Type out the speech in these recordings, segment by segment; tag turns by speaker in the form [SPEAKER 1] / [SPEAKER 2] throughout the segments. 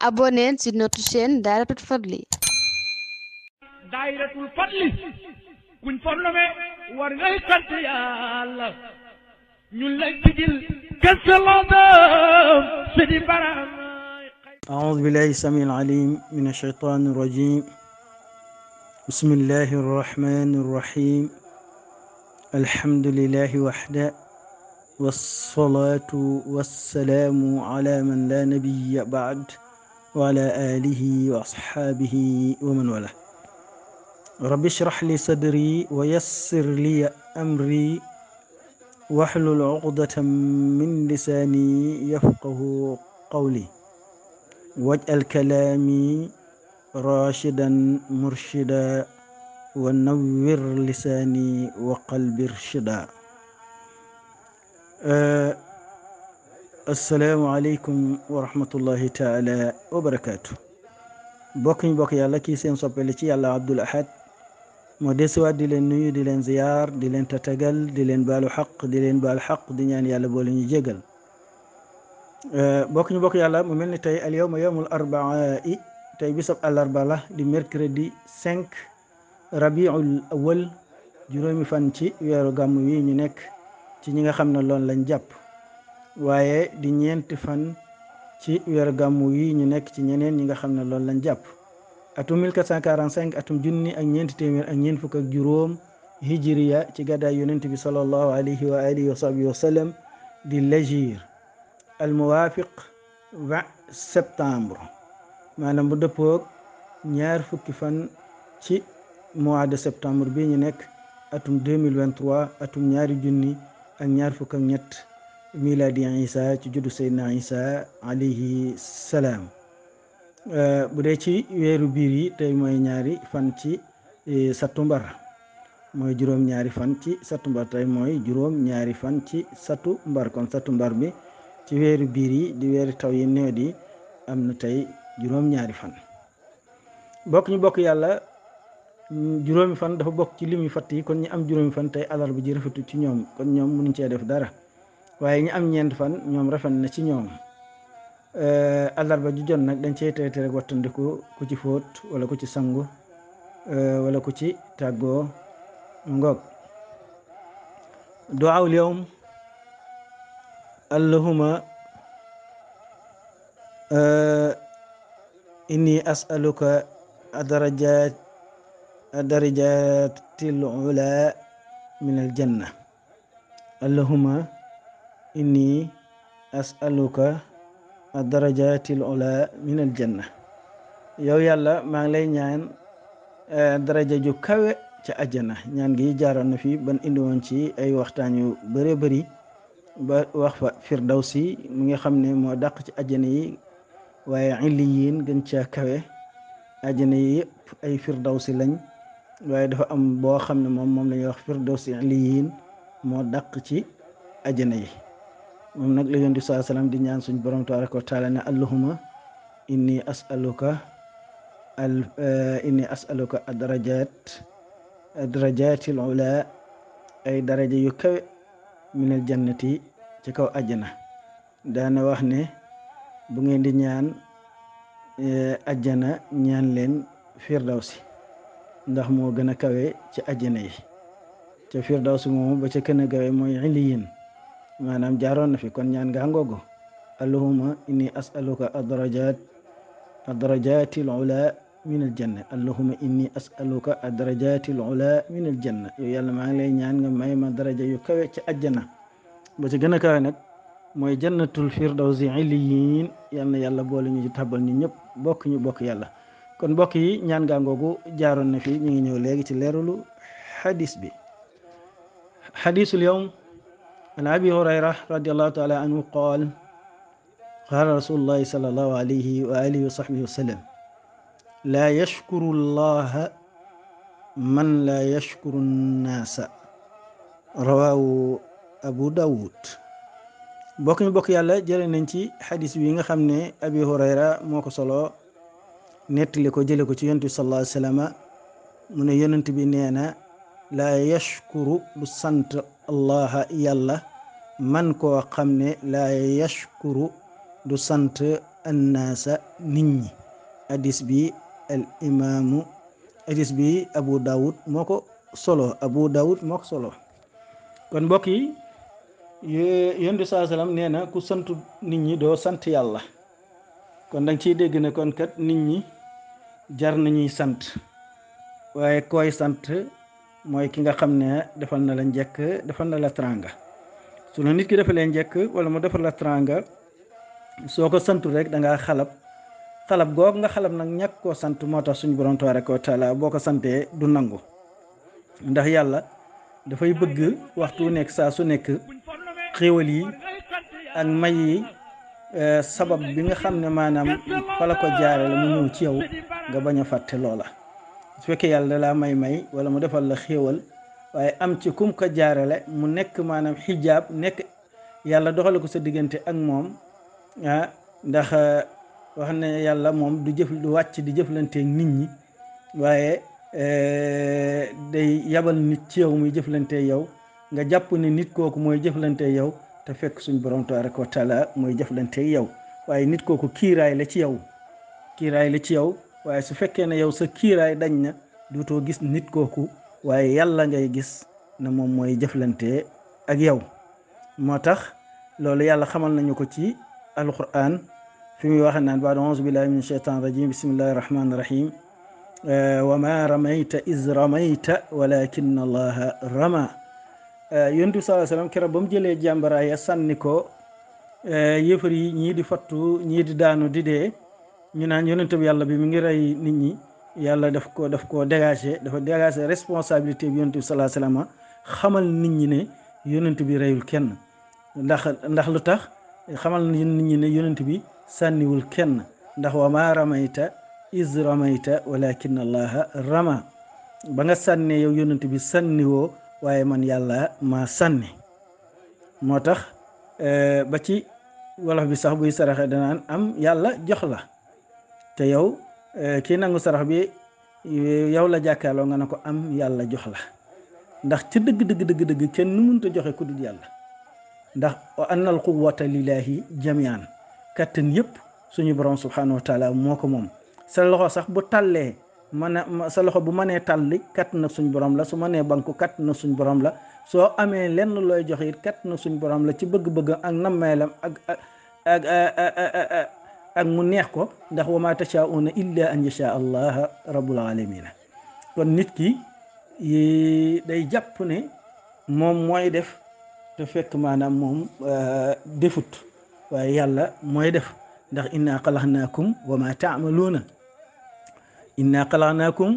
[SPEAKER 1] abonnez sur notre chaîne Dahiratoul Fadly Dahiratoul Fadly kuñ fornome war ngay sant yàlla ñun lay digil kësalaadam sidi baram أعوذ بالله السميع العليم من الشيطان الرجيم بسم الله الرحمن الرحيم الحمد لله وحده والصلاة والسلام على من لا نبي بعد وعلى آله وأصحابه ومن والاه رب اشرح لي صدري ويسر لي أمري واحلل عقدة من لساني يفقه قولي واجعل كلامي راشدا مرشدا ونور لساني وقلبي رشدا أه asalaamualeykum wa rahmatullahi taala wa barakaatu bokk ñu bokk yàlla kii seen soppali ci yàlla Abdul Ahad moo desiwaat di leen nuyu di leen ziyaar di leen tatagal di leen baalu xaq di leen baal xaq di ñaan yàlla boole ñu jégal eh, bokk ñu bokk yàlla mu mel ni tey al yawma yawmul arbaa i tey bisab àllarba la di mercredi cinq rabiul awal juróomi fan ci weeru gàmm wi ñu nekk ci ñi nga xam ne loolu lañ jàpp waaye di ñeenti fan ci weeru gàmmu yi ñu nekk ci ñeneen ñi nga xam ne loolu lañ jàpp atum 1445 atum junni ak ñeenti téeméer ak ñeent fukk ak juróom hijriya ci gàddaay yonent bi sallallahu alayhi wa alihi wa sahbihi wa sallam di légir al muwaafiq 20 septembre maanaam bu dëppoog ñaar fukki fan ci mois de septembre bi ñu nekk atum 2023 atum ñaari junni ak ñaar fukk ak ñett milaadi isa ci juddu seydina isa alayhi salaam euh, bu dee ci weeru biir yi tey mooy ñaari fan ci e, satumbar mooy juróom ñaari fan ci satumbar mooy juróom ñaari fan ci satumbar kon satumbar bi ci weeru biir yi di weeri taw yi néew di am na tey juróom ñaari fan bokk ñu bokk yàlla juróomi fan dafa bokk ci limi fatt yi kon ñi am juróomi fan tey alarba ji rafetu ci ñoom kon ñoom mënuñ cee def dara waaye ñu am ñeent fan ñoom rafet na ci ñoom eh, àllarba ju jot nag dañ cey tere tere wattandiku ku ci fóot wala ku ci sangu eh, wala ku ci tàggoo ngoog duwaawul yowm allahuma eh, inni asaluka adarajat adarajati lula min aljanna allahuma inni asaluka darajatil ula min al janna yow yàlla maa ngi lay ñaan eh, daraja ju kawe ci ajjana ñaan gi jaaroon na fi ban indi ci ay waxtaan yu bëree bëri ba wax fa si mi ngi xam ne moo dàq ci ajjana yi waaye illiyin gën caa kawe ajjana yi yëpp ay firdawsi lañ waaye dafa am boo xam ne moom moom la ñuy wax firdawsi illiyin moo dàq ci ajjana yi moom nag la yonent saa salaam di ñaan suñ borom tabaraka wa taala ne allahuma inni asaluka al eh, inni asaluka adarajat darajatil ula ay daraja yu kawe minal jannati ci kaw àjjana daana wax ne bu ngeen di ñaan eh, àjjana ñaan leen firdawsi ndax moo gën a kawe ci àjjana yi ca firdawsi moomu ba ca gën a kawe mooy iliyin maanaam jaaroon na fi kon ñaan nga ngoogu allahumma inni as'aluka ad-darajat ad-darajati al-ula min al-janna allahumma inni as'aluka ad-darajati al-ula min al-janna yow yàlla maa ngi lay ñaan nga may ma daraja yu kawe ci àjjana ba ci gën a kawe nag mooy jannatul firdawsi illiyin yal na yàlla boole ñu ci tàbbal ñu ñëpp bokk ñu bokk yàlla kon mbokk yi ñaan gaa ngoogu jaaroon na fi ñu ngi ñëw léegi ci leerulu xadis bi xadisul yawm عن أبي هريرة رضي الله تعالى عنه قال قال رسول الله صلى الله عليه وآله وصحبه وسلم لا يشكر الله من لا يشكر الناس رواه أبو داود bokk ñu bokk yàlla jële nañ ci xadis bi nga xam ne abi hurayra moo ko solo nettali ko jële ko ci yonent bi sallallahu alayhi wasallam mu ne bi nee na laa bu sant allaha yàlla man koo xam ne laa yashkuru du sant annaasa nit ñi hadis bi al imaamu hadis bi abu daawud moo ko solo abu daawud moo ko solo kon mbokk yi yonent bi salaam nee na ku sant nit ñi doo sant yàlla kon danga ci dégg ne kon kat nit ñi jar nañuy sant waaye koy sant mooy ki nga xam ne defal na la njëkk defal na la tranga su la nit ki defalee njëkk wala mu defal la tranga soo ko santul rek da ngaa xalab xalab goog nga xalab nag ñàkk koo sant moo tax suñu borom tabaaraka wa taala boo ko santee du nangu ndax yàlla dafay bëgg waxtu nekk saa su nekk xéewal yi ak may e, sabab bi nga xam ne maanaam fa la ko jaare la mu ñëw ci yow nga bañ a fàtte loola su fekkee yàlla dalaa may may wala mu defal la xéewal waaye am ci kum ko jaarale mu nekk maanaam xijaab nekk yàlla doxale ko sa diggante ak moom ah ndax ah, wax na yàlla moom du jëf du wàcc di jëflanteeg nit ñi waaye eh, day yabal nit ci yow muy jëflante yow nga jàpp ne nit kooku mooy jëflante yow te fekk suñ borom tabaraka wa taala mooy jëflante yow waaye nit kooku kiiraay la ci yow ci yow waaye su fekkee ne yow sa kiiraay dañ na dootoo gis nit kooku waaye yàlla ngay gis ne moom mooy jëflante ak yow moo tax loolu yàlla xamal nañu ko ci alquran fi muy waxee naan baad auzu billahi min sheytan rajim bismillahi rahmani rahim euh, wa ma ramayta iz ramayta walakin allaha rama euh, yonent bi sallallahu alayhi wasallam ba mu jëlee jàmbaraay ya sànni ko euh, yëfar yi ñii di fattu ñii di daanu di dee ñu naan yonent bi yàlla bi mi ngi rey nit ñi yàlla def ko daf koo dégagé dafa dégagé responsabilité bi yonent bi salaa salaama xamal nit ñi ne yonent bi reyul kenn ndax ndax lu tax xamal nit ñi ne yonent bi sànniwul kenn ndax wa maa ramayta iz ramayta walakin allaha rama ba nga sànnee yow yonent bi sanniwoo waaye man yàlla maa sànni moo tax eh, ba ci wolof bi sax buy saraxe danaan am yàlla jox la te yow Eh, kii nangu sarax bi eh, yow la jàkkaarloo nga ne ko am yàlla jox la ndax ca dëgg dëgg dëgg dëgg kenn nu mënta joxe ku dul yàlla ndax wa anna al quwwata lillahi jamian kattan yëpp suñu borom subhanahu wa taala moo ko moom sa loxo sax bu tàllee mën a sa loxo bu mënee tàlli katt na suñ borom la su mënee banku katt na suñ borom la soo amee lenn looy jox it katt na suñ borom la ci bëgg-bëgg ak nammeelam ak ak ak mu neex ko ndax wa ma tashaa'una illa an yasha allaha rabbul alamin kon nit ki day jàpp ne moom mooy def te fekk maanaam moom euh, defut waaye yàlla mooy def ndax inna xalaxnaakum wa ma taamaluuna inna xalaxnaakum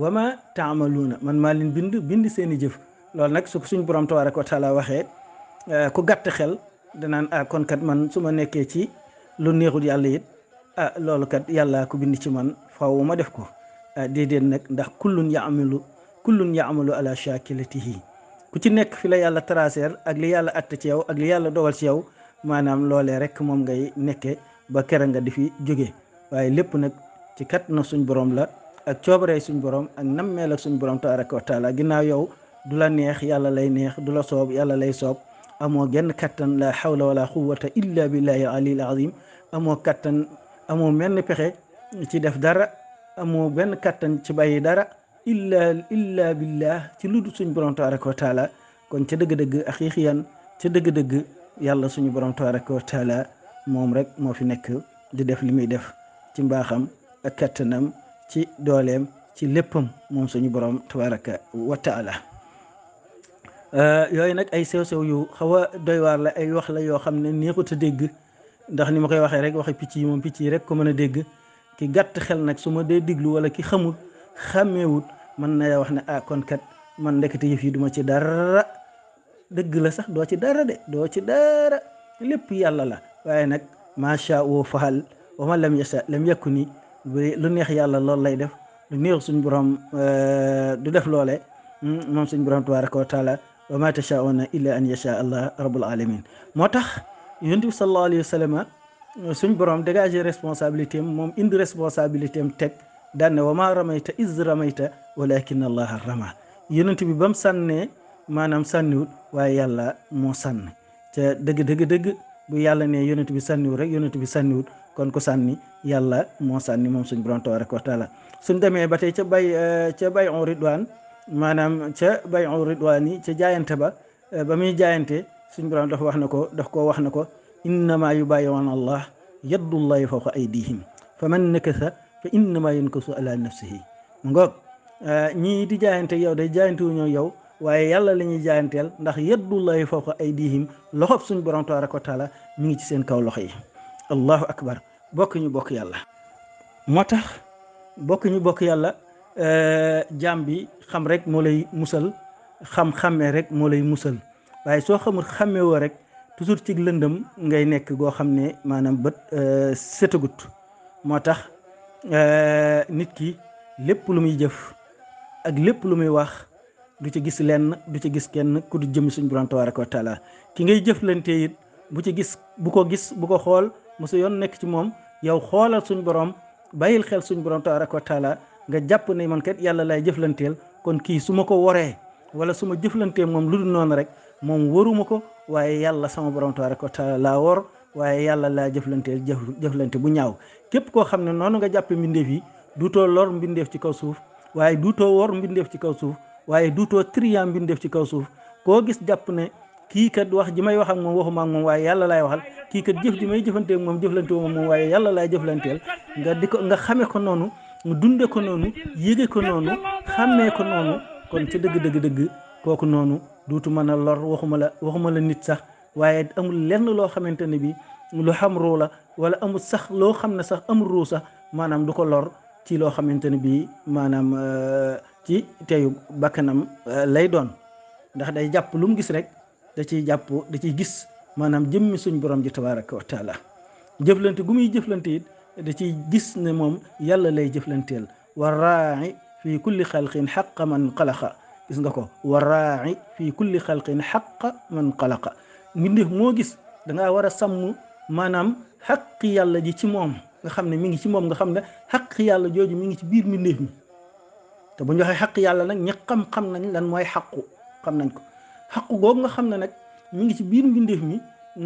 [SPEAKER 1] wa ma taamaluuna man maa leen bind bind seeni jëf loolu nag su ko suñ borom tabaraka wa taala waxee euh, ku xel danaan ah kon kat man su nekkee ci lu neexul yàlla yit ah loolu kat yàlla ko bind ci man faaw ma def ko ah, déedéet nag ndax kullun yaamalu kullun yaamalu ala shakilatihi ku ci nekk fi la yàlla tracer ak li yàlla att ci yow ak li yàlla dogal ci yow maanaam loolee rek moom ngay nekke ba kera nga di fi jóge waaye lépp nag ci kat na suñ borom la ak coobaree suñ borom ak nammeel ak suñ borom tabaraka wa taala ginnaaw yow du la neex yàlla lay neex du la soob yàlla lay soob amoo genn kattan la hawla wala quwwata illa billahi alil azim amoo kattan amoo menn pexe ci def dara amoo benn kattan ci bàyyi dara illa illa billah ci lu dul suñu borom tabaraka wa taala kon ca dëgg-dëgg axiixiyan ca dëgg-dëgg yàlla suñu borom tabaraka wa taala moom rek moo fi nekk di def li muy def ci mbaaxam ak kattanam ci dooleem ci léppam moom suñu borom tabaraka wa taala euh, yooyu nag ay sew-sew yu xaw doy waar la ay wax la yoo xam ne neexut a dégg ndax ni ma koy waxee rek wax picc yi moom picc yi rek ko mën a dégg ki gàtt xel nag su ma dee diglu wala ki xamul xàmmeewut man na wax ne ah kon kat man ndekete yëf yi duma ci dara dëgg la sax doo ci dara de doo ci dara lépp yàlla la waaye nag macha woo faal wa ma lam yasa lam yekku ni lu neex yàlla loolu lay def lu neex suñ borom euh, du def loole hmm, moom suñ borom tabaraka wa taala wa ma tashauna illa an yasha allah rabbul alamin moo tax yonent bi sallallahu alayhi wa sallam suñ borom dégager responsabilité moom indi responsabilité am teg daan ne wa maa ramayta iz ramayta walakin allaha rama yonent bi ba mu sànnee maanaam sànniwut waaye yàlla moo sànn te dëgg dëgg dëgg bu yàlla ne yonent bi sànniwut rek yonent bi sànniwut kon ko sànni yàlla moo sanni moom suñ borom tabaraka wa taala suñ demee ba tey ca bay eh, ca bay on maanaam ca bay on ca jaayante ba eh, ba muy jaayante suñ borom dafa wax na ko daf koo wax na ko innama yubaayi'uuna allah yadullahi fawqa aydihim fa man nakasa fa innama yankasu ala nafsihi ngoog e, ñii di jaayante yow day jaayante yow waaye yàlla la ñuy jaayanteel ndax yadullahi fawqa aydihim loxob suñ borom tabaraka wa taala mu ngi ci seen kaw loxo yi allahu akbar bokk ñu bokk yàlla moo tax bokk ñu bokk yàlla e, jaam bi xam rek moo lay musal xam-xamee rek moo lay musal waaye soo xamul xàmmee rek toujours ci lëndam ngay nekk goo xam ne maanaam bët euh, setagut moo tax euh, nit ki lépp lu muy jëf ak lépp lu muy wax du ci gis lenn du ci gis kenn ku du jëmi suñ borom tabaraka wa taala ki ngay jëflante it bu ci gis bu ko gis bu ko xool mosu yoon nekk ci moom yow xoolal suñ borom bàyyil xel suñ borom tabaraka wa nga jàpp ne man kat yàlla laay jëflanteel kon kii su ma ko woree wala su ma jëflantee moom lu dul noonu rek moom waruma ko waaye yàlla sama borom tabaraka wa taala laa wor waaye yàlla laa jëflanteel jëflante bu ñaaw képp koo xam ne noonu nga jàppe mbindeef yi duutoo lor mbindeef ci kaw suuf waaye duutoo wor mbindeef ci kaw suuf waaye duutoo triya mbindeef ci kaw suuf koo gis jàpp ne kii kat wax ji may wax ak moom waxuma ak moom waaye yàlla laay waxal kii kat jëf ji may jëfante moom jëflante wu moom waaye yàlla laay jëflanteel nga di ko nga xame ko noonu nga dunde ko noonu yége ko noonu xàmmee ko noonu kon ci dëgg dëgg dëgg kooku noonu duutu mën a lor waxuma la waxuma la nit sax waaye amul lenn loo xamante ne bi lu xam ruu la wala amul sax loo xam ne sax amul ruu sax maanaam du ko lor ci loo xamante ne bi maanaam euh, ci teyu bakkanam euh, lay doon ndax day jàpp lu mu gis rek da ciy jàpp da ciy gis maanaam jëmmi suñ borom ji tabaraka wa taala jëflante gu muy jëflante it da ci gis ne moom yàlla lay jëflanteel wa raaci fi kulli xalqin xaqa man gis nga ko wa raaci fi kulli xalqin xaqa man xalaqa mbindeef moo gis da ngaa war a sàmm maanaam xaqi yàlla ji ci moom nga xam ne mi ngi ci moom nga xam ne xaqi yàlla jooju mi ngi ci biir mbindeef mi bu ñu waxee xaq yàlla nag ñi xam-xam lan mooy xaqu xam nañ ko xaqu googu nga xam ne nag mi ngi ci biir mbindeef mi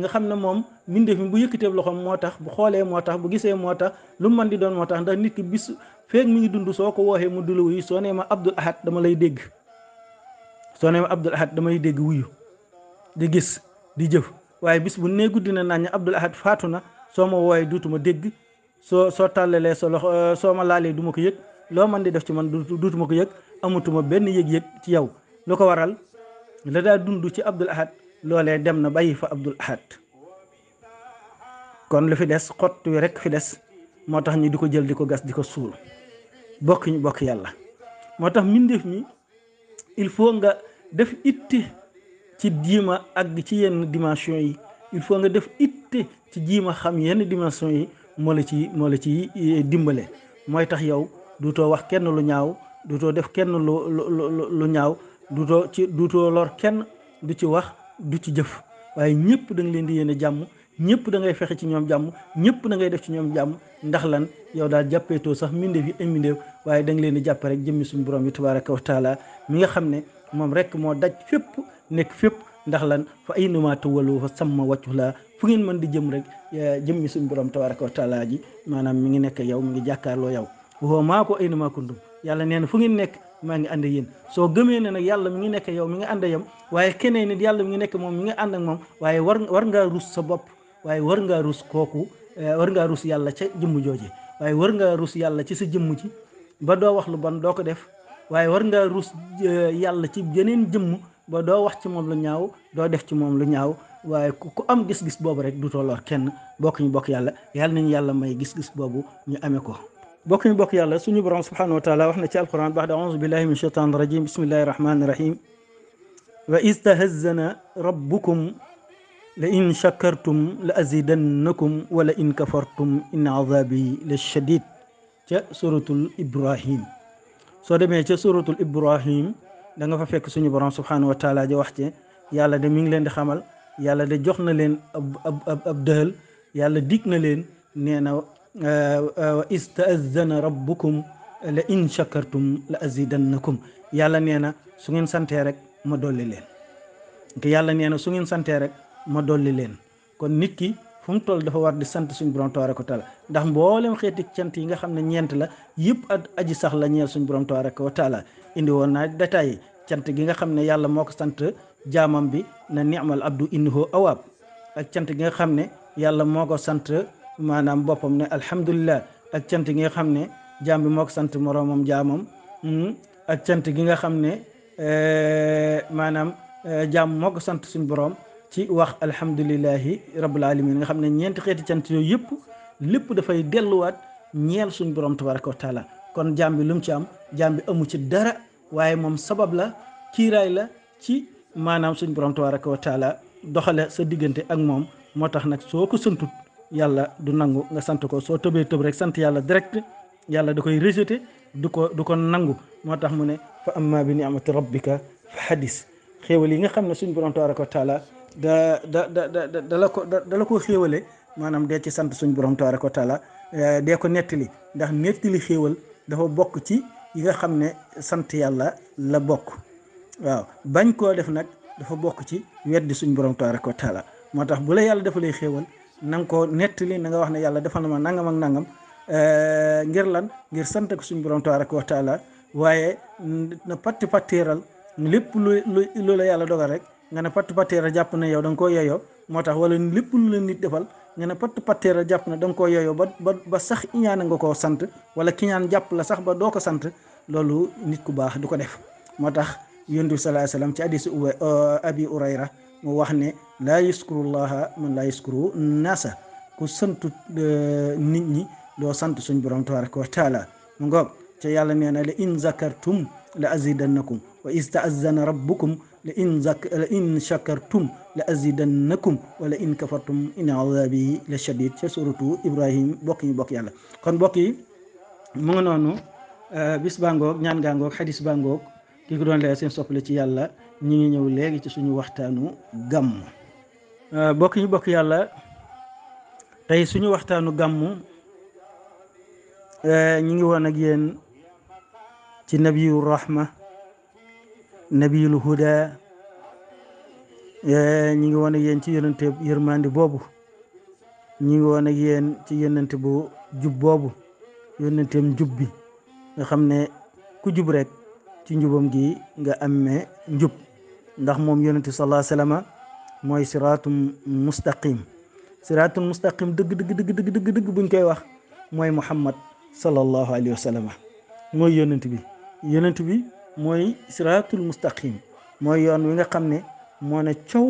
[SPEAKER 1] nga xam ne moom mbindeef mi bu yëkkateeb loxoom moo tax bu xoolee moo tax bu gisee moo tax lu mën di doon moo tax ndax nit ki bis feeg mu ngi dund soo ko wooxee mu dula wuyu soo nee ma Abdul Ahad dama lay dégg soo ne ma Abdul Ahad damay dégg wuyu di gis di jëf waaye bis bu nee guddi na naan Abdul Ahad faatu na soo ma wooyee duutuma dégg soo soo tàllalee sa loxo euh, soo ma laalee duma ko yëg loo man di def ci man duutuma ko yëg amatuma benn yëg-yëg ci yow lu ko waral la daa dund ci Abdul Ahad loolee dem na bàyyi fa Abdul Ahad kon lu fi des xottu wi rek fi des moo tax ñu di ko jël di ko gas di ko suul bokk ñu bokk yàlla moo tax mbindeef mi il faut nga def itte ci jiima àgg ci yenn dimension yi il faut nga def it ci jiima xam yenn dimension yi moo la ci moo la ci eh, dimbale mooy tax yow duutoo wax kenn lu ñaaw duutoo def kenn lu lu ñaaw duutoo ci duutoo lor kenn du ci wax du ci jëf waaye ñëpp da leen di yéene jàmm ñëpp da ngay fexe ci ñoom jàmm ñëpp da ngay def ci ñoom jàmm ndax lan yow daal jàppeetoo sax mbindeef yi ay mbindeef waaye da leen di jàpp rek jëmmi suñu borom yi tabaraka wa taala mi nga xam ne moom rek moo daj fépp nekk fépp ndax lan fa ay numaatu walu fa samma wàccu la fu ngeen mën di jëm rek eh, jëm mi suñu borom tabaraka wa taala ji maanaam mi ngi nekk yow mi ngi jàkkaarloo yow woo maa ko ay numaa yàlla nee na fu ngeen nekk maa ngi ànd yéen soo gëmee ne nag yàlla mi ngi nekk yow mi ngi ànd yam waaye keneen nit yàlla mi ngi nekk moom mi ngi ànd moom waaye war war ngaa rus sa bopp waaye war ngaa rus kooku eh, war ngaa rus yàlla ca jëmm jooje waaye war ngaa rus yàlla ci sa jëmm ji ba doo wax lu bon doo ko def waaye war ngaa rus eh, yàlla ci jeneen jëmm ba doo wax ci moom lu ñaaw doo def ci moom lu ñaaw waaye ku am gis-gis boobu rek du tolloor kenn bokk ñu bokk yàlla yàlla nañu yàlla may gis-gis boobu ñu amee ko bokk ñu bokk yàlla suñu borom subhanahu wa taala wax na ci alquran baax da auzu billahi min shaitan rajim bismillahi rahmani rahim wa istahazzana rabbukum la in shakartum la azidannakum wala in kafartum in azabi la shadid ca suratul ibrahim soo demee ca suratul ibrahim danga nga fa fekk suñu borom subhanahu wa taala ja wax ci yàlla de mi ngi leen di xamal yàlla de jox na leen ab ab ab dëhël yàlla dig na leen nee na wa istaazana rabbukum la in shakartum la azidannakum yàlla nee na su ngeen santee rek ma dolli leen yàlla nee na su ngeen santee rek ma dolli leen kon nit ki fu mu toll dafa war di sant suñu borom tabaaraka wa taala ndax mboolem xeeti cant yi nga xam ne ñeent la yëpp ak aji sax la ñeel suñu borom tabaaraka wa taala indi woon naa détail cant gi nga xam ne yàlla moo ko sant jaamam bi na ni'mal abdu innahu awaab ak cant gi nga xam ne yàlla moo ko sant maanaam boppam ne alhamdulilah ak cant gi nga xam ne jaam bi moo ko sant moroomam hmm, ak cant gi nga xam ne eh, maanaam eh, jaam moo ko sant suñu borom. ci wax alhamdulilahi rabbil alamin nga xam ne ñeenti xeeti sant yooyu yëpp lépp dafay delluwaat ñeel suñ borom tabaraka wa kon jaam bi ci am jaam bi amu ci dara waaye moom sabab la kiiraay la ci maanaam suñ borom tabaraka wa taala doxale sa diggante ak moom moo tax nag soo ko santut yàlla du nangu nga sant ko soo tëbee tëb rek sant yàlla direct yàlla du koy rejeté du ko du ko nangu moo tax mu ne fa amma bi ni'mati rabbika fa hadis xéewal yi nga xam ne suñ borom tabaraka wa taala da da da da da la ko da la ko xéewale maanaam dee ci sant suñ borom tabaraka wa taala eh, dee ko nettali ndax nettali xéewal dafa bokk ci yi nga xam ne sant yàlla la bokk waaw bañ koo def nag dafa bokk ci weddi suñ borom tabaraka wa taala moo tax bu la yàlla dafa lay xéewal na ko nettali na nga wax ne yàlla defal na ma nangam ak nangam eh, ngir lan ngir sant ko suñ borom tabaraka wa taala waaye na patti pattiral lépp lu la yàlla dogal rek nga ne patt patteer a jàpp na yow danga ko koo yeyoo moo tax wala lépp lu leen nit defal nga ne patt patteer a jàpp ne da nga koo yeyoo ba ba ba sax iñaan nga koo sant wala kiñaan jàpp la sax ba doo ko sant loolu nit ku baax du ko def moo tax yonent bi sallallahu alayhi wasallam ci hadiis uh, abi urayra mu wax ne laa yuskurullaha man laa yuskuru nasa ku santu uh, nit ñi doo sant suñ borom tabaraka ko taala mu ngoog ca yàlla nee na la in zakartum la azidannakum wa istaazana rabbukum la in zak la in shakartum la wala in kafartum in azabi la shadid ca suratu ibrahim bokk ñu bokk yàlla kon bokk yi mu nga noonu euh, bis bangoog ñaan gaangoog xadis bangoog ki ko doon leer seen soppale ci yàlla ñi ngi ñëw léegi ci suñu waxtaanu gàmm euh, bokk ñu bokk yàlla tey suñu waxtaanu gàmm euh, ñi ngi woon ak yéen ci nabiyu rahma nabiyul huda eh, ñi ngi woon ak yéen ci yonente yërmandi boobu ñi ngi woon yéen ci yonente bu jub boobu yonenteem jub bi nga xam ne ku jub rek ci njubam gi nga amee njub ndax moom yonente sallallahu alayhi wasallam mooy siraatum mustaqim siraatul mustaqim dëgg dëgg dëgg dëgg dëgg dëgg buñ koy wax mooy muhammad sallallahu alayhi wasallam mooy yonent bi mooy siraatul mustaqim mooy yoon wi nga xam ne moo ne caw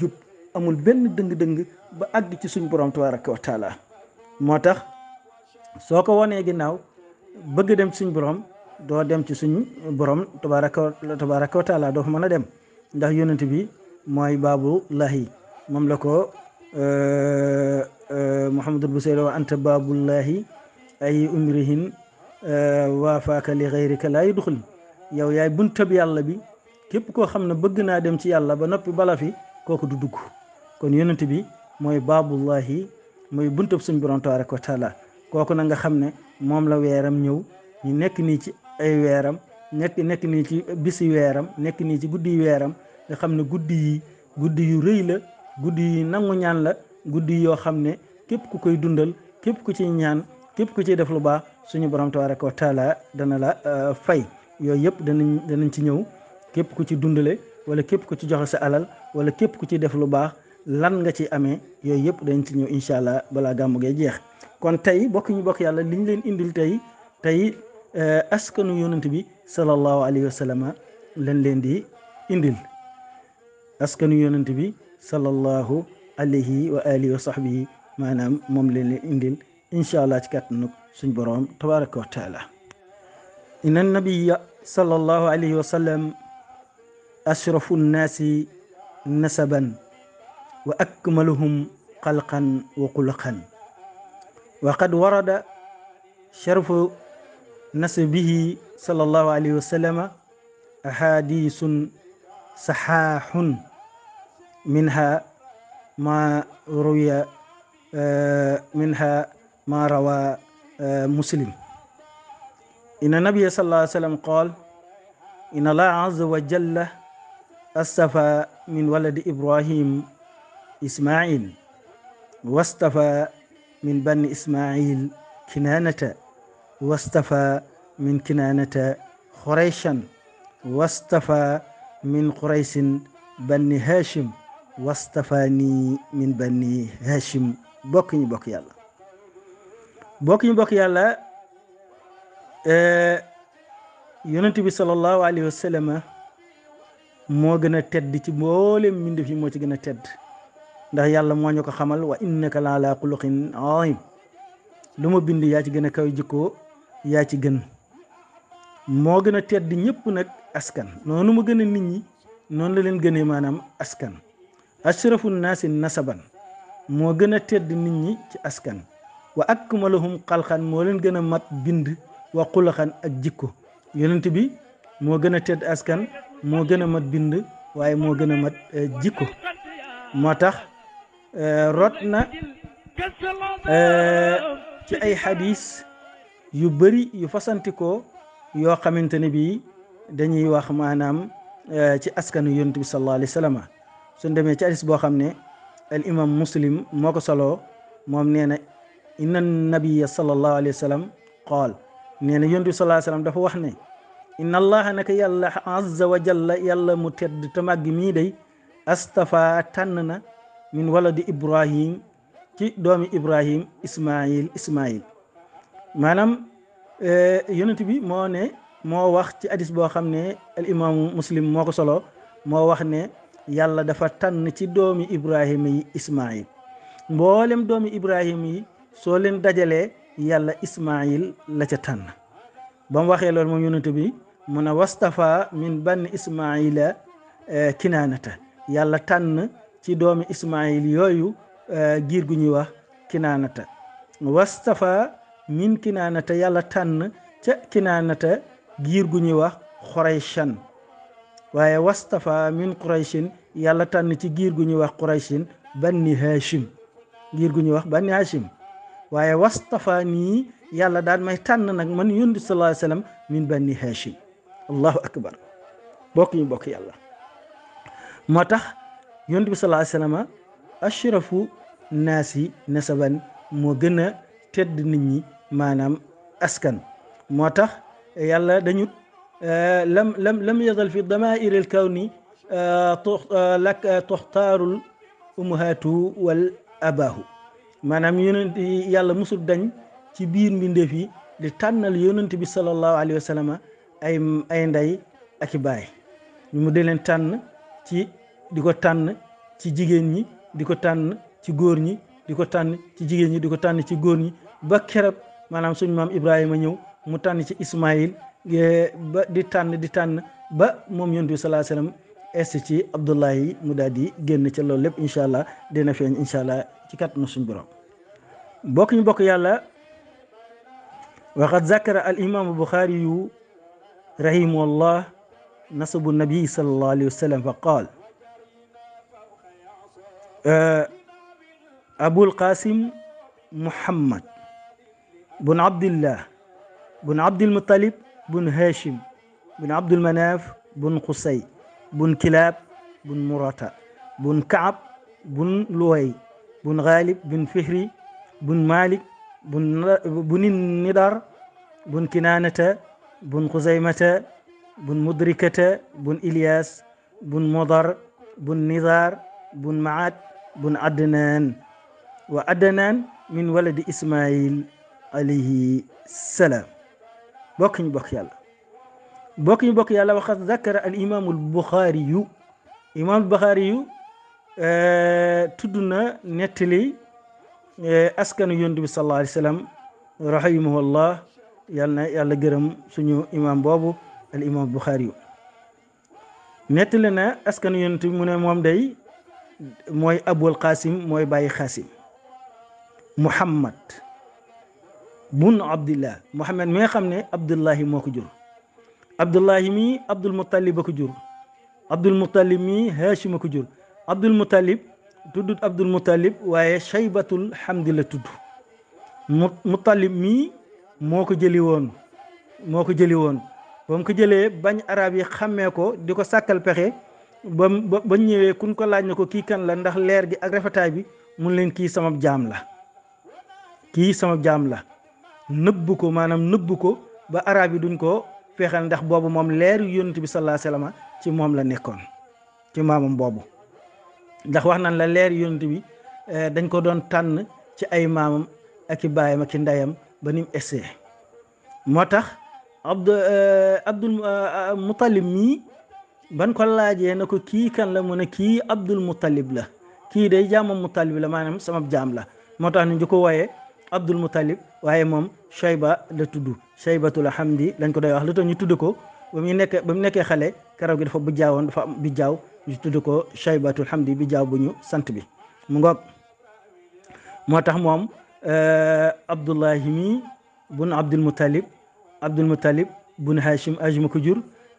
[SPEAKER 1] jub amul benn dëng-dëng ba àgg ci suñ borom tabaraka wa taala moo tax soo ko wonee ginnaaw bëgg dem ci suñ borom doo dem ci suñ borom tabaraka tabaraka wa taala doo fa mën a dem ndax yonent bi mooy baabu lahi moom la ko euh, euh, Muhammadul Busayri wa anta baabullahi ay umrihin euh, waafaaka li xayrika laa yudxul yow yaay buntab yàlla bi képp koo xam ne bëgg naa dem ci yàlla ba noppi bala fi kooku du dugg kon yonent bi mooy baabullahi mooy buntab suñ borom tabaraka wa taala kooku na nga xam ne moom la weeram ñëw ñu nekk nii ci ay weeram nekk nekk nii ci bisi weeram nekk nii ci guddi weeram nga xam ne guddi yi guddi yu rëy la guddi yi nangu ñaan la guddi yoo xam ne képp ku koy dundal képp ku ci ñaan képp ku ciy def lu baax suñu borom tabaraka wa taala dana la euh, fay yooyu yëpp danañ danañ ci ñëw képp ku ci dundale wala képp ku ci jox sa alal wala képp ku ci def lu baax lan nga ci amee yooyu yëpp danañ ci ñëw incha allah balaa gàmmu gee jeex kon tey bokk ñu bokk yàlla liñ leen indil tey tey eh, askanu yonent bi sallallahu alayhi wa sallam lañ leen di indil askanu yonent bi sallallahu alayhi wa alihi wa sahbihi maanaam moom leen leen indil incha allah ci kàttanug suñ boroom tabaraka wa taala إن النبي صلى الله عليه وسلم أشرف الناس نسبا وأكملهم خلقا وقلقا وقد ورد شرف نسبه صلى الله عليه وسلم أحاديث صحاح منها ما روي منها ما روى مسلم إن النبي صلى الله عليه وسلم قال إن الله عز وجل استفى من ولد إبراهيم إسماعيل واستفى من بني إسماعيل كنانة واستفى من كنانة قريشا واستفى من قريش بني هاشم واستفاني من بني هاشم بوكني بوك يلا بوكني بوك يلا Eh, yonent bi sallallahu alayhi wa moo gën a tedd ci mboolem mbindéef yi moo ci gën a tedd ndax yàlla moo ñu ko xamal wa innaka la ala xuluqin aim lu ma bind yaa ci gën a kaw jikkoo yaa ci gën moo gën a tedd ñëpp nag askan noonu ma gën a nit ñi noonu la leen gënee maanaam askan ashrafu naasi nasaban moo gën a tedd nit ñi ci askan wa akmalahum xalxan moo leen gën a mat bind wa xulaxan ak jikko yonent bi moo gën a tedd askan moo gën a mat bind waaye moo gën a mat eh, jikko moo tax eh, rot na eh, ci ay xadis yu bëri yu fasantikoo yoo xamante ni bii dañuy wax maanaam ci askan yonent bi sallallahu alayhi wa suñ demee ci hadis boo xam ne al muslim moo ko soloo moom nee na a nabiya solo alayhi wa sallam nee na yonent bi sallallahu alayhi wasallam dafa wax ne inna allaha naka yàlla azza wa yàlla mu tedd ta màgg mii day astafa tànn na min waladi ibrahim ci doomi ibrahim ismail ismail maanaam e, yonent bi moo ne moo wax ci hadis boo xam ne al imaamu muslim moo ko solo moo wax ne yàlla dafa tànn ci doomi ibrahima yi ismail mboolem doomi ibrahim yi soo leen dajalee yàlla ismail la ca tànn ba mu waxee loolu moom bi mu ne wastafa min banni ismaila eh, kinaanata yàlla tànn ci doomi ismail yooyu eh, giir gu ñuy wax kinaanata wastafa min kinaanata yàlla tànn ca kinaanata giir gu ñuy wax xurayshan waaye wastafa min qurayshin yàlla tànn ci giir gu ñuy wax qurayshin banni hashim giir gu ñuy wax banni hashim waaye wastafa nii yàlla daal may tànn nag man yónni sallallahu alayhi wa sallam min banni hashim allahu akbar bokk ñu bokk yàlla moo tax yónni bi sallallahu alayhi wa sallam ashrafu naasi nasaban moo gën a tedd nit ñi maanaam askan moo tax yàlla dañu eh, lam lam lam yazal fi damaa'iri al-kawni eh, eh, lak tuxtaarul ummahaatu wal abaahu maanaam yonent yàlla musul dañ ci biir mbindeef yi di tànnal yonent bi sallallahu alayhi wa sallam ay ay ndey ak i baay mu di leen tànn ci di ko tànn ci jigéen ñi di ko tànn ci góor ñi di ko tànn ci jigéen ñi di ko tànn ci góor ñi ba keroog maanaam suñ maam Ibrahima ñëw mu tànn ci Ismaïl ba di tànn di tànn ba moom yonent bi sallallahu alayhi wa sallam est ci Abdullahi mu daal di génn ca loolu lépp incha allah dina feeñ incha allah ci kàttanu suñ borom. bokk ñu bokk yàlla waxad zakara al imaamu buxaari yu rahimahullah nasabu nabi sallallahu alayhi wa sallam fa qaal abul qasim muhammad bun abdillah bun abdilmutalib bun hashim bun abdulmanaaf bun xusay bun kilaab bun murata bun kaab bun luway bun gaalib bun fihri bun malik bun bunin nidar bun kinaanata bun xuzaymata bun mudrikata bun ilyas bun modar bun nizar bun maat bun adnan wa adnan min waladi ismail alayhi salaam bokk ñu bokk yàlla bokk ñu bokk yàlla waxat zakara al imaamu al buxaari yu imaamu eh, al buxaari yu tudd na nettali Eh, askanu yonent bi sallallahu alayhi wa sallam rahimahullah yal na yàlla gërëm suñu imam boobu al imam Buxaari yu nettali na askanu yonent bi mu ne moom day mooy abul qasim mooy bàyyi xaasim muhammad bun abdillah muhammad mi nga xam ne abdullahi moo ko jur mi abdul muttalib a ko jur abdul muttalib mi haashim a ko jur tuddut Abdul Muttalib waaye Shaybatul Hamdi la tudd mu Muttalib mii moo ko jëli woon moo ko jëli woon ba ko jëlee bañ araab yi xàmmee ko di ko sàkkal pexe ba ba ñëwee kun ko laaj na ko kii kan la ndax leer gi ak rafetaay bi mun leen kii sama jaam la kii sama jaam la nëbb ko maanaam nëbb ko ba arab yi duñ ko fexeel ndax boobu moom leer yonent bi sallallahu alayhi ci moom la nekkoon ci maamam boobu ndax wax nan la leer yonent bi eh, dañ ko doon tànn ci ay maam ak i baayam ndeyam ba ni mu moo tax abdu eh, abdul eh, mutalib mii ban ko laajee na ko kii kan la mu ne kii abdul mutalib la kii day jaamam mutalib la maanaam sama jaam la moo tax ñu di ko wooyee abdul mutalib waaye moom shayba la tudd shaybatul hamdi lañ ko doy wax lu tax ñu tudd ko ba mu nekk ba mu nekkee xale karaw gi dafa bu jaawoon dafa am bi jaaw ñu tudd ko Shaybatul Hamdi bi jaaw bu sant bi mu ngoog moo tax moom eh, Abdullahi mi bun Abdul Muttalib Abdul Muttalib bun Hashim Hashim ko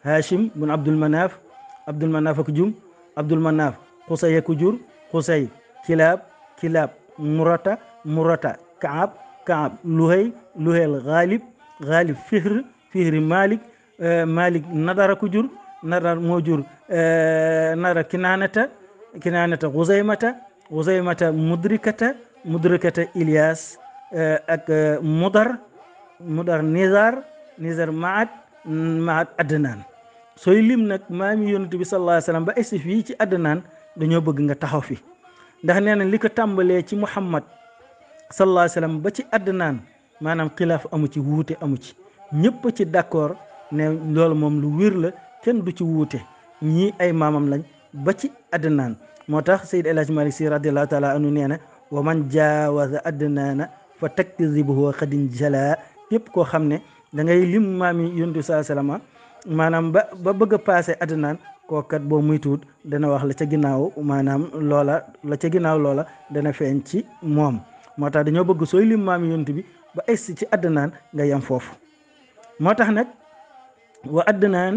[SPEAKER 1] Hashim bun Abdul Manaaf Abdul Manaaf ko jum Abdul Kilaab Kilaab Murata Murata Kaab Kaab Luhay Luhayl Ghalib Ghalib Fihr Fihr Malik eh, Malik Nadara ko nara moo jur eh, nara kinaanata kinaanata xuzaymata xuzaymata mudrikata mudrikata Ilyas eh, ak eh, mudar mudar nizar nizar maat maat adnaan sooy lim nag maami yonent bi sallallahu alayhi wa ba egsi fii ci adnaan dañoo bëgg nga taxaw fi ndax nee na li tàmbalee ci muhammad sallallahu alayhi wa sallam ba ci adnaan maanaam xilaaf amu ci wuute amu ci ñëpp ci d'accord ne loolu moom lu wér la kenn du ci wuute ñii ay maamam lañ ba ci adnaan moo tax Seyd El Hadj Malick Sy radiallahu taala anu nee na wa man jaawaza adnaana fa takzibuhu xadin jala képp koo xam ne da ngay lim maam yi yontu saa salama maanaam ba ba bëgg a passé kookat boo muy tuut dana wax la ca ginnaaw maanaam loola la ca ginnaaw loola dana feeñ ci moom moo tax dañoo bëgg sooy lim maam yont bi ba egsi ci adnaan nga yem foofu moo tax nag wa adnaan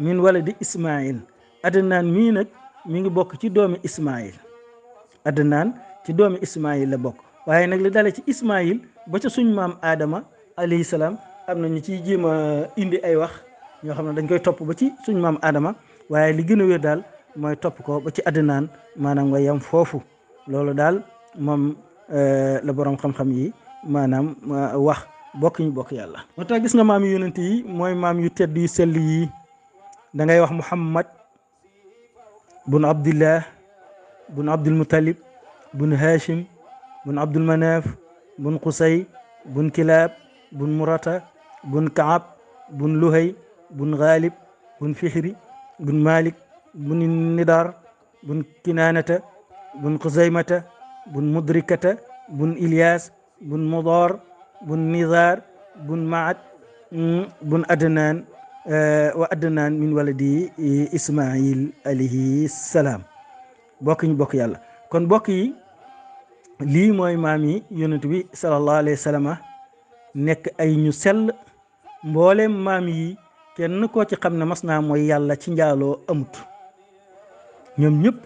[SPEAKER 1] min waladi ismail adnaan mii nag mi ngi bokk ci doomi ismail adnaan ci doomi ismail la bokk waaye nag li dale ci ismail ba ca suñ maam aadama alayhi salaam am na ñu ciy jéem a indi ay wax ñoo xam ne dañ koy topp ba ci suñ maam aadama waaye li gën a wér daal mooy topp ko ba ci adnaan maanaam nga yem foofu loolu daal moom euh, la borom xam-xam yi maanaam euh, wax bokk bokk yàlla moo tax gis nga maam yu yonent yi mooy maam yu tedd yu sell yi da ngay wax muhammad bun abdillah bun abdul mutalib bun hashim bun abdul manaaf bun qusay bun kilaab bun murata bun kaab bun luhay bun ghalib bun fihri bun malik bun nidar bun kinaanata bun xuzaymata bun mudrikata bun ilyaas bun mudaar bun nizaar bun maat mm, bun adnaan Eh, wa addanaan min waladi ismail alayhi salaam bokk ñu bokk yàlla kon bokk yi lii mooy maam yi yonent wi sallallahu alayhi wa nekk ay ñu sell mboolem maam yi kenn koo ci xam ne mas naa mooy yàlla ci njaaloo amut ñoom ñëpp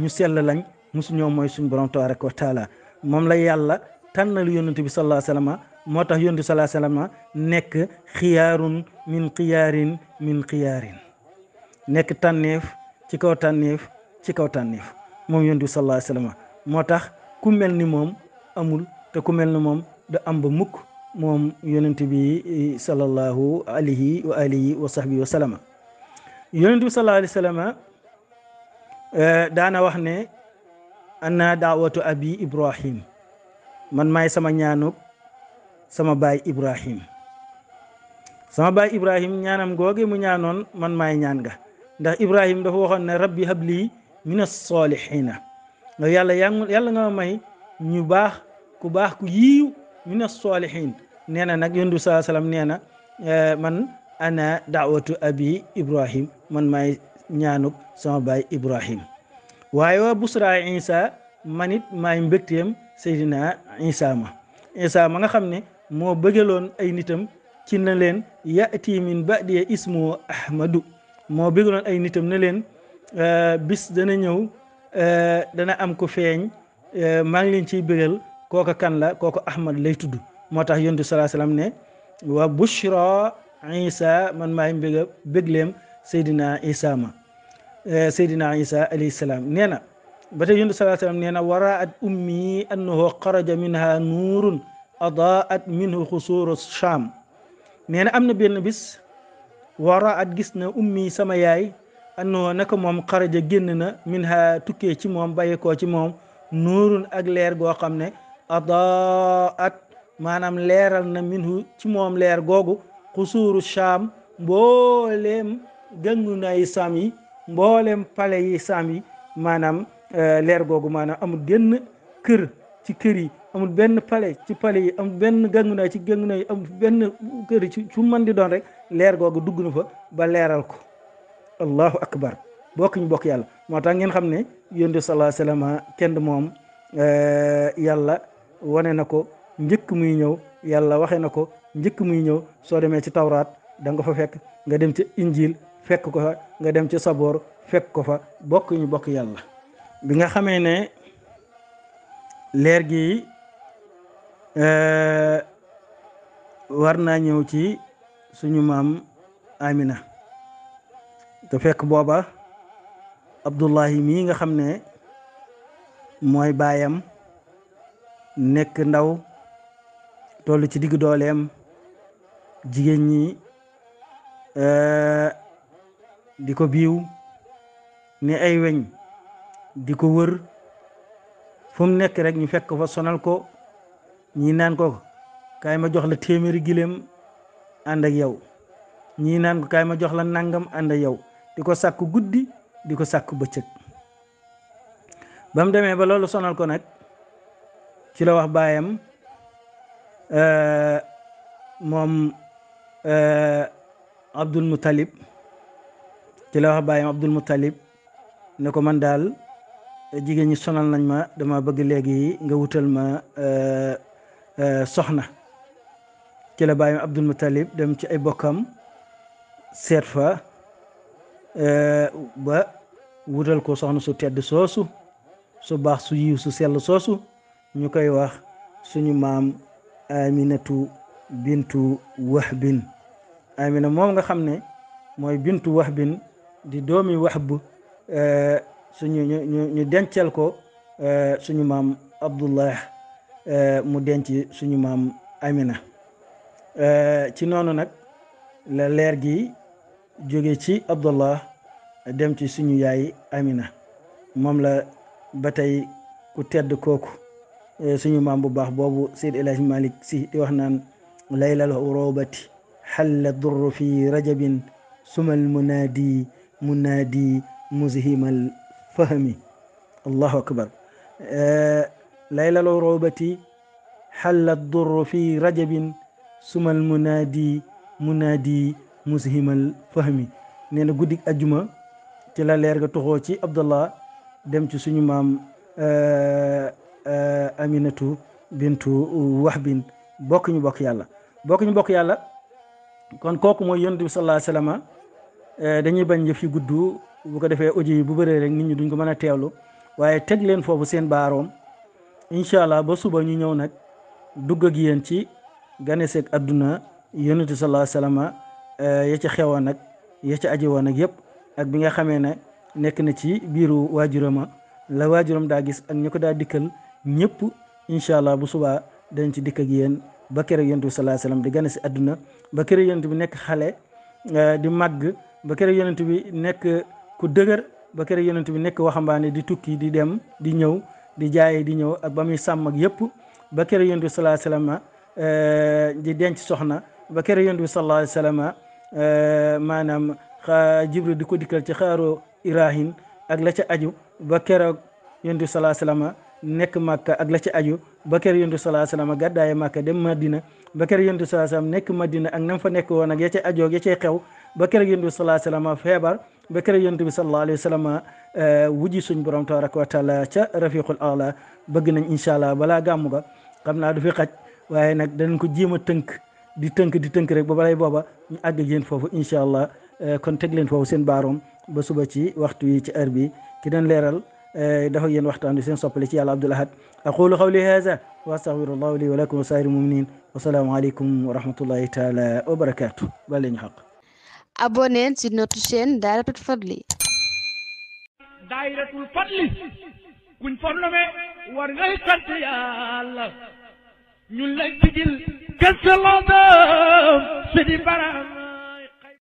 [SPEAKER 1] ñu sell lañ mosu ñoo mooy suñu borom tabaraka wa moom la yàlla tànnal yonent bi sallallahu alayhi wa sallam moo tax yonent bi sallallahu alayhi wa sallam nekk xiyaarun min xiyaarin min xiyaarin nekk tànneef ci kaw tànneef ci kaw tànneef moom yonent bi sallallahu wa sallam moo tax moom amul te ku moom da am mukk moom yonent bi eh, sallallahu alayhi wa alihi wa sahbihi eh, daana wax ne ana daawatu abi ibrahim man maay sama ñaanuk sama baay Ibrahim sama baay Ibrahim ñaanam googe mu ñaanoon man maay ñaan nga ndax Ibrahim dafa waxoon ne rabbi habli min as-saalihiina ndax yàlla yàlla nga may ñu baax ku baax ku yiiw min as-saalihiin nee na nag yondu saa salaam nee na eh, man ana daawatu abi Ibrahim man maay ñaanuk sama baay Ibrahim waaye waa busra Isa man it maay mbégteem Seydina Isa ma Isa ma nga xam ne moo bëggaloon ay nitam ci na leen yaati min ba'di ismu Ahmadu moo bëggaloon ay nitam na leen bis dana ñëw dana am ko feeñ maa ngi leen ciy bëggal kooka kan la kooka Ahmad lay tudd moo tax yonent bi sallallahu alayhi ne wa bushra Isa man maay bëgg bëggleem Seydina Isa ma Seydina Isa alayhi salaam nee na ba tey yonent sallallahu alayhi wa sallam nee na waraat ummi annahu xaraja minha nuurun adaat minhu shaam nee na am na benn bis waraat gis na ummi sama yaay annahu naka moom xaraja génn na minha tukkee ci moom bàyyikoo ci moom nuurun ak leer goo xam ne adaat maanaam leeral na minhu ci moom leer googu xusuuru shaam mbooleem gàngunaay saam yi mbooleem pale yi saam yi maanaam Euh, leer googu maanaam amul benn kër ci kër yi amul benn pale ci pale yi amul benn gàngunaay ci gàngunaay yi amul benn kër ci fu mën di doon rek leer googu dugg na fa ba leeral ko allahu akbar bokk ñu bokk yàlla moo tax ngeen xam ne yonent sallallahu alayhi wasallam kenn moom euh, yàlla wane na ko njëkk muy ñëw yàlla waxe na ko njëkk muy ñëw soo demee ci tawraat da nga fa fekk nga dem ci injil fekk ko fa nga dem ci saboor fekk ko fa bokk ñu bokk yàlla bi nga xamee ne leer gi euh, war naa ñëw ci suñu maam Amina te fekk booba Abdullahi mii nga xam ne mooy baayam nekk ndaw toll ci diggu dooleem jigéen ñi euh, di ko biiw ni ay weñ di ko wër fu nekk rek ñu fekk fa sonal ko ñii naan ko kaay ma jox la téeméeri giléem ànd ak yow ñii naan ko kaay ma jox la nangam ànd ak yow di ko sàkk guddi di ko sàkk bëccëg ba mu demee ba loolu sonal ko nag ci la wax baayam moom Abdul Muttalib ci la wax baayam Abdul Muttalib ne ko man daal jigéen ñi sonal nañ ma dama bëgg léegi nga wutal ma euh, euh, soxna ci la bàyyi Abdul Mutalib dem ci ay bokkam seet fa euh, ba wutal ko soxna su tedd soosu su baax su yiw su sell soosu ñu koy wax suñu maam Aminatu bintu Wahbin Amina moom nga xam ne mooy bintu wax Wahbin di doomi wax bu suñu ñu ñu ñu dencal ko eh, suñu maam Abdullah eh, mu denc suñu maam Amina eh, ci noonu nag la leer gi jóge ci Abdullah dem ci suñu yaay Amina mam la ba tey ku tedd kooku suñu maam bu baax boobu Seyd El Hadj si di wax naan laylal urobati xalla durru fi rajabin sumal munaadi munaadi muzhimal fahmi allahu akbar laylalu rawbati xallat durru fi rajabin sumal munaadi munaadi mushimal fahmi nee na guddik ajuma ci la leer ga toxoo ci abdallah dem ci suñu maam euh, euh, aminatu bintu waxbin bokk ñu bokk yàlla bokk ñu yàlla kon kooku mooy yonent bi sallallahu alayhi wa sallam euh, dañuy bañ yëf bu ko defee audio yi bu bëree rek nit ñi duñ ko mën a teewlu waaye teg leen foofu seen baaroom incha allah ba suba ñu ñëw nag dugg ak yéen ci ganeseeg adduna yonente sallallahu alayhi wasallam eh, ya ci xewoon nag ya aji woon nag yëpp ak bi nga xamee ne nekk na ci biiru waajurama la waajuram daa gis ak ñu ko daa dikkal ñëpp incha allah bu subaa dañ ci dikk ak yéen ba kere yonent bi sallallahu alayhi wasallam di gane si adduna ba kere yonent bi nekk xale eh, bi nekk ku dëgër ba kër yonent bi nekk waxambaane di tukki di dem di ñëw di jaaye di ñëw ak ba muy sàmm ak yëpp ba kër bi sallallahu alayhi wa sallam eh, di denc soxna ba kër yonent bi sallallahu alayhi wa sallam eh, maanaam jibril di ko dikkal ci xaaro Ibrahim ak la ca aju ba keroog yonent bi sallallahu alayhi wa nekk Màkka ak la ca aju ba kër yonent bi sallallahu alayhi wa sallam gàddaaye Màkka dem Madina ba kër yonent bi sallallahu alayhi wa sallam nekk Madina ak nam fa nekk woon ak ya ca ajoog ya cay xew ba kër yonent bi sallallahu alayhi wa feebar ba kër yonent bi sallallahu alayhi wa sallam eh, wujji suñ borom tabaraka wa taala ca rafiqul ala bëgg nañ incha allah balaa gàmmu ga xam naa du fi xaj waaye nag danañ ko jéem a tënk di tënk di tënk rek ba balay booba ñu àgg yéen foofu incha allah eh, kon teg leen foofu seen baaroom ba suba ci waxtu yi ci heure bi ki doon leeral eh, dafa yéen waxtaan bi seen soppali ci yàlla Abdul Ahad aqulu qawli haza wa astaghfirullahu li wa lakum wa saa'iril muminin wa salaamu aleykum wa rahmatullahi taala wa barakatuh ba abonnez sur notre chaîne Dahiratoul Fadly Dahiratoul Fadly kuñ fornome war ngay sant Yàlla ñun lay tigil kese si di baram